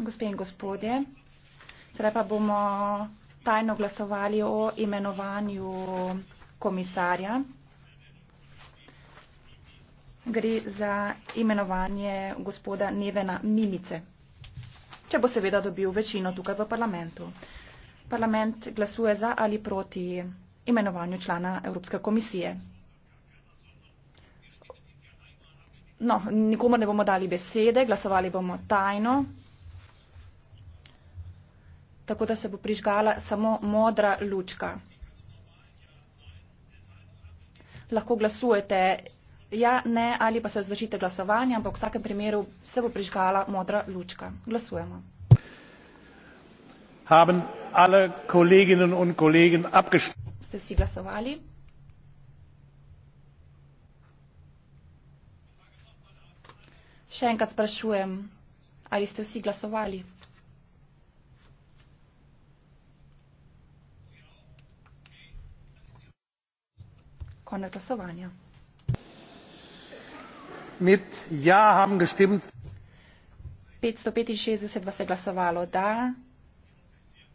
Gospe in gospodje, sedaj pa bomo tajno glasovali o imenovanju komisarja. Gre za imenovanje gospoda Nevena Mimice, če bo seveda dobil večino tukaj v parlamentu. Parlament glasuje za ali proti imenovanju člana Evropske komisije. No, nikomu ne bomo dali besede, glasovali bomo tajno, tako da se bo prižgala samo modra lučka. Lahko glasujete ja, ne ali pa se vzdržite glasovanja, ampak v vsakem primeru se bo prižgala modra lučka. Glasujemo. Haben alle Kolleginnen und Kollegen abgestimmt? Vsi glasovali? Še enkrat sprašujem, ali ste vsi glasovali? konec glasovanja mit ja haben gestimmt petsto petinšestdeset vas je glasovalo da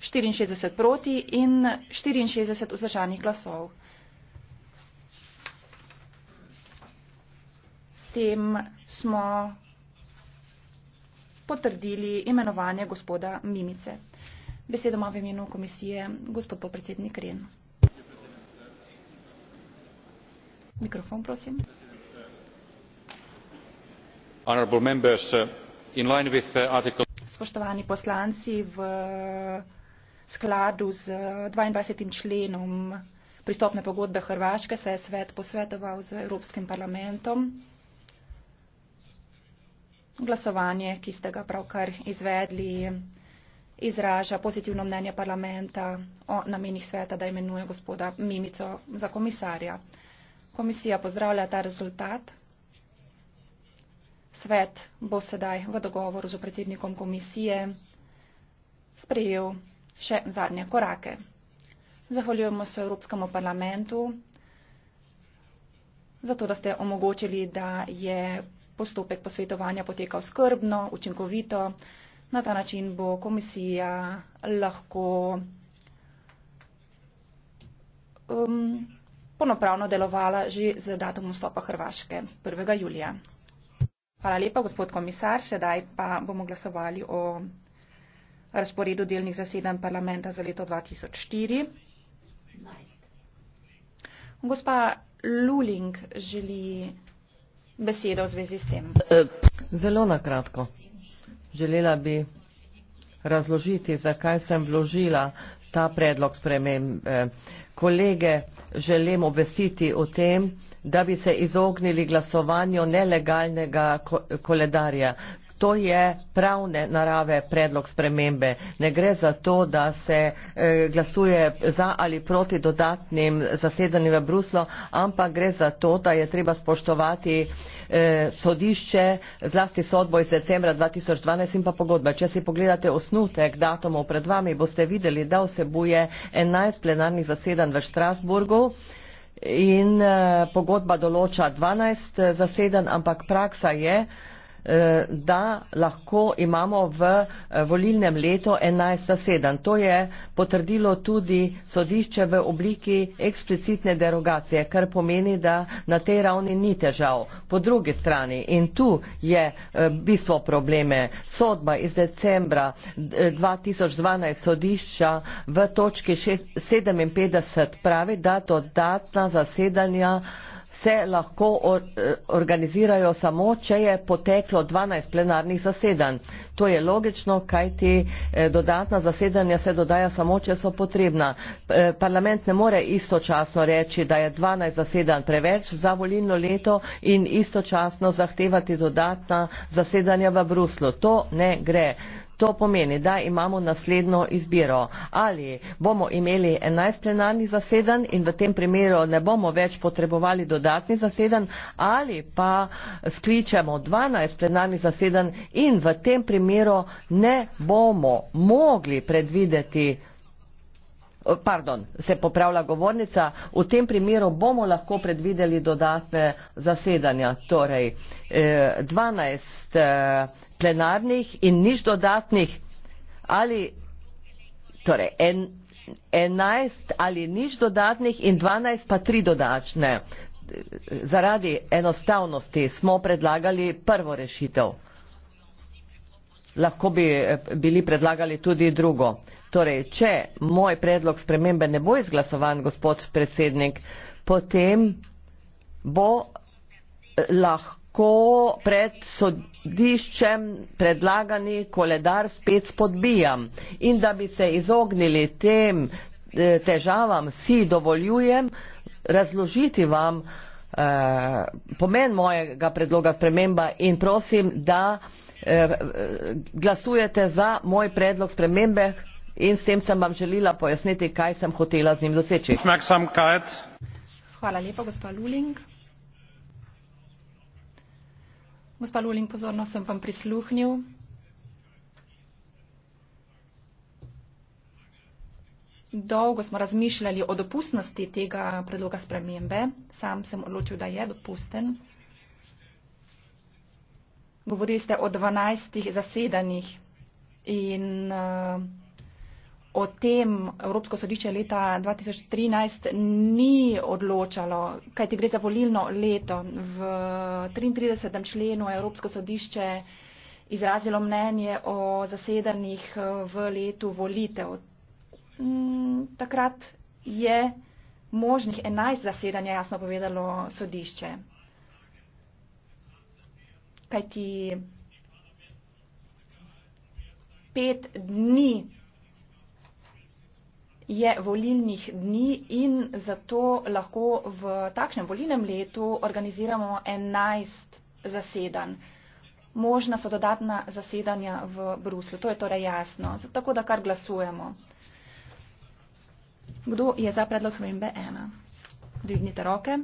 štiriinšestdeset proti in štiriinšestdeset vzdržanih glasov s tem smo potrdili imenovanje gospoda mimice besedo ima v imenu komisije gospod podpredsednik ren mikrofon prosim. Uh, uh, spoštovani poslanci v skladu z dvaindvajset členom pristopne pogodbe hrvaške se je svet posvetoval z evropskim parlamentom glasovanje ki ste ga pravkar izvedli izraža pozitivno mnenje parlamenta o namenih sveta da imenuje gospoda mimico za komisarja. Komisija pozdravlja ta rezultat. Svet bo sedaj v dogovoru z predsednikom komisije sprejel še zadnje korake. Zahvaljujemo se Evropskemu parlamentu za to, da ste omogočili, da je postopek posvetovanja potekal skrbno, učinkovito. Na ta način bo komisija lahko um, polnopravno delovala že z datum vstopa Hrvaške 1. julija. Hvala lepa, gospod komisar. Sedaj pa bomo glasovali o razporedu delnih zasedanj parlamenta za leto 2004. Gospa Luling želi besedo v zvezi s tem. Zelo nakratko. Želela bi razložiti, zakaj sem vložila ta predlog sprememb. Kolege želim obvestiti o tem, da bi se izognili glasovanju nelegalnega koledarja. To je pravne narave predlog spremembe. Ne gre za to, da se eh, glasuje za ali proti dodatnim zasedanjem v Bruslo, ampak gre za to, da je treba spoštovati eh, sodišče, zlasti sodbo iz decembra 2012 in pa pogodbe. Če si pogledate osnutek datumov pred vami, boste videli, da vsebuje 11 plenarnih zasedanj v Štrasburgu. In eh, pogodba določa 12 eh, zasedanj, ampak praksa je, eh, Eh, da lahko imamo v eh, volilnem letu 11 zaseden. To je potrdilo tudi sodišče v obliki eksplicitne derogacije, kar pomeni, da na tej ravni ni težav. Po drugi strani, in tu je eh, bistvo probleme, sodba iz decembra 2012 sodišča v točki 57 pravi, da dodatna zasedanja se lahko or, e, organizirajo samo, če je poteklo 12 plenarnih zasedanj. To je logično, kaj ti e, dodatna zasedanja se dodaja samo, če so potrebna. E, parlament ne more istočasno reči, da je 12 zasedanj preveč za volilno leto in istočasno zahtevati dodatna zasedanja v Bruslu. To ne gre. To pomeni, da imamo naslednjo izbiro. Ali bomo imeli 11 plenarnih zasedanj in v tem primeru ne bomo več potrebovali dodatni zasedanj, ali pa skličemo 12 plenarnih zasedanj in v tem primeru ne bomo mogli predvideti pardon, se popravlja govornica, v tem primeru bomo lahko predvideli dodatne zasedanja, torej eh, dvanajst eh, plenarnih in nič dodatnih ali torej en, enajst ali nič dodatnih in dvanajst pa tri dodatne. Zaradi enostavnosti smo predlagali prvo rešitev lahko bi eh, bili predlagali tudi drugo. Torej, če moj predlog spremembe ne bo izglasovan, gospod predsednik, potem bo eh, lahko pred sodiščem predlagani koledar spet spodbijam. In da bi se izognili tem eh, težavam, si dovoljujem razložiti vam eh, pomen mojega predloga spremembe in prosim, da eh, Eh, glasujete za moj predlog spremembe in s tem sem vam želela pojasniti, kaj sem hotela z njim doseči. Hvala lepa, gospa Luling. Gospa Luling, pozorno sem vam prisluhnil. Dolgo smo razmišljali o dopustnosti tega predloga spremembe. Sam sem odločil, da je dopusten. Govorili ste o 12 zasedanjih in eh, o tem Evropsko sodišče leta 2013 ni odločalo, kaj ti gre za volilno leto. V 33. členu Evropsko sodišče izrazilo mnenje o zasedanjih eh, v letu volitev. Mm, takrat je možnih 11 zasedanja jasno povedalo sodišče kajti pet dni je volilnih dni in zato lahko v takšnem volilnem letu organiziramo 11 zasedanj. Možna so dodatna zasedanja v Bruslu, to je torej jasno, tako da kar glasujemo. Kdo je za predlog spremembe 1? Dvignite roke.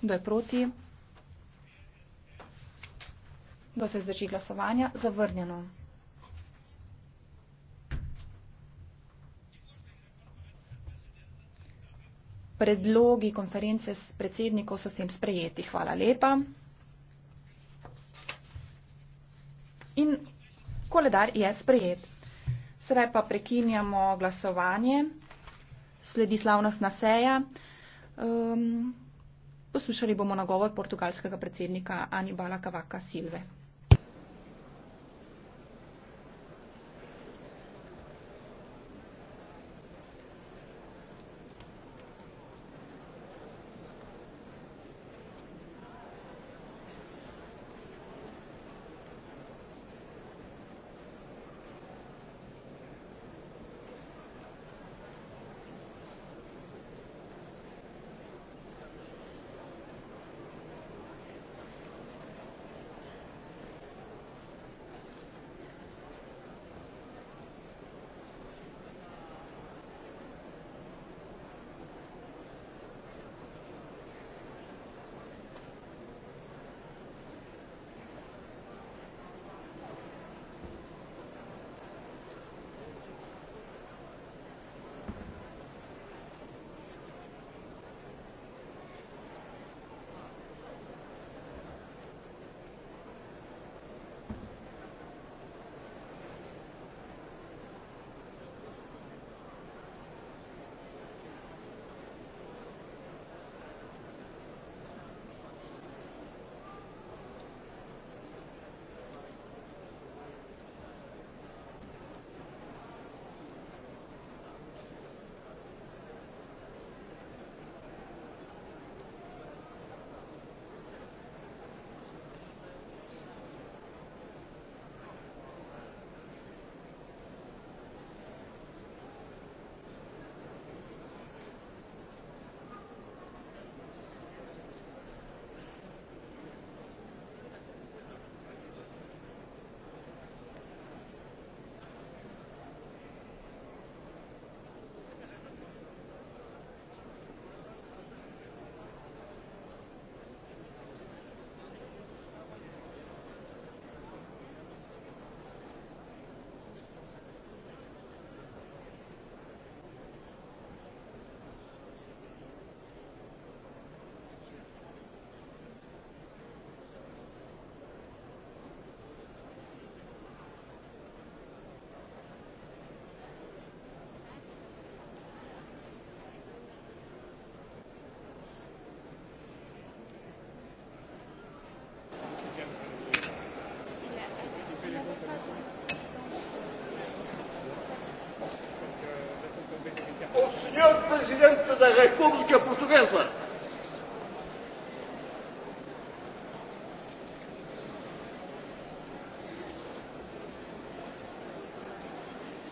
Kdo je proti? Kdo se zdrži glasovanja? Zavrnjeno. Predlogi konference s predsednikov so s tem sprejeti. Hvala lepa. In koledar je sprejet. Sedaj pa prekinjamo glasovanje. Sledi slavnostna seja. Um, poslušali bomo nagovor portugalskega predsednika Anibala Kavaka Silve. presidente da República Portuguesa.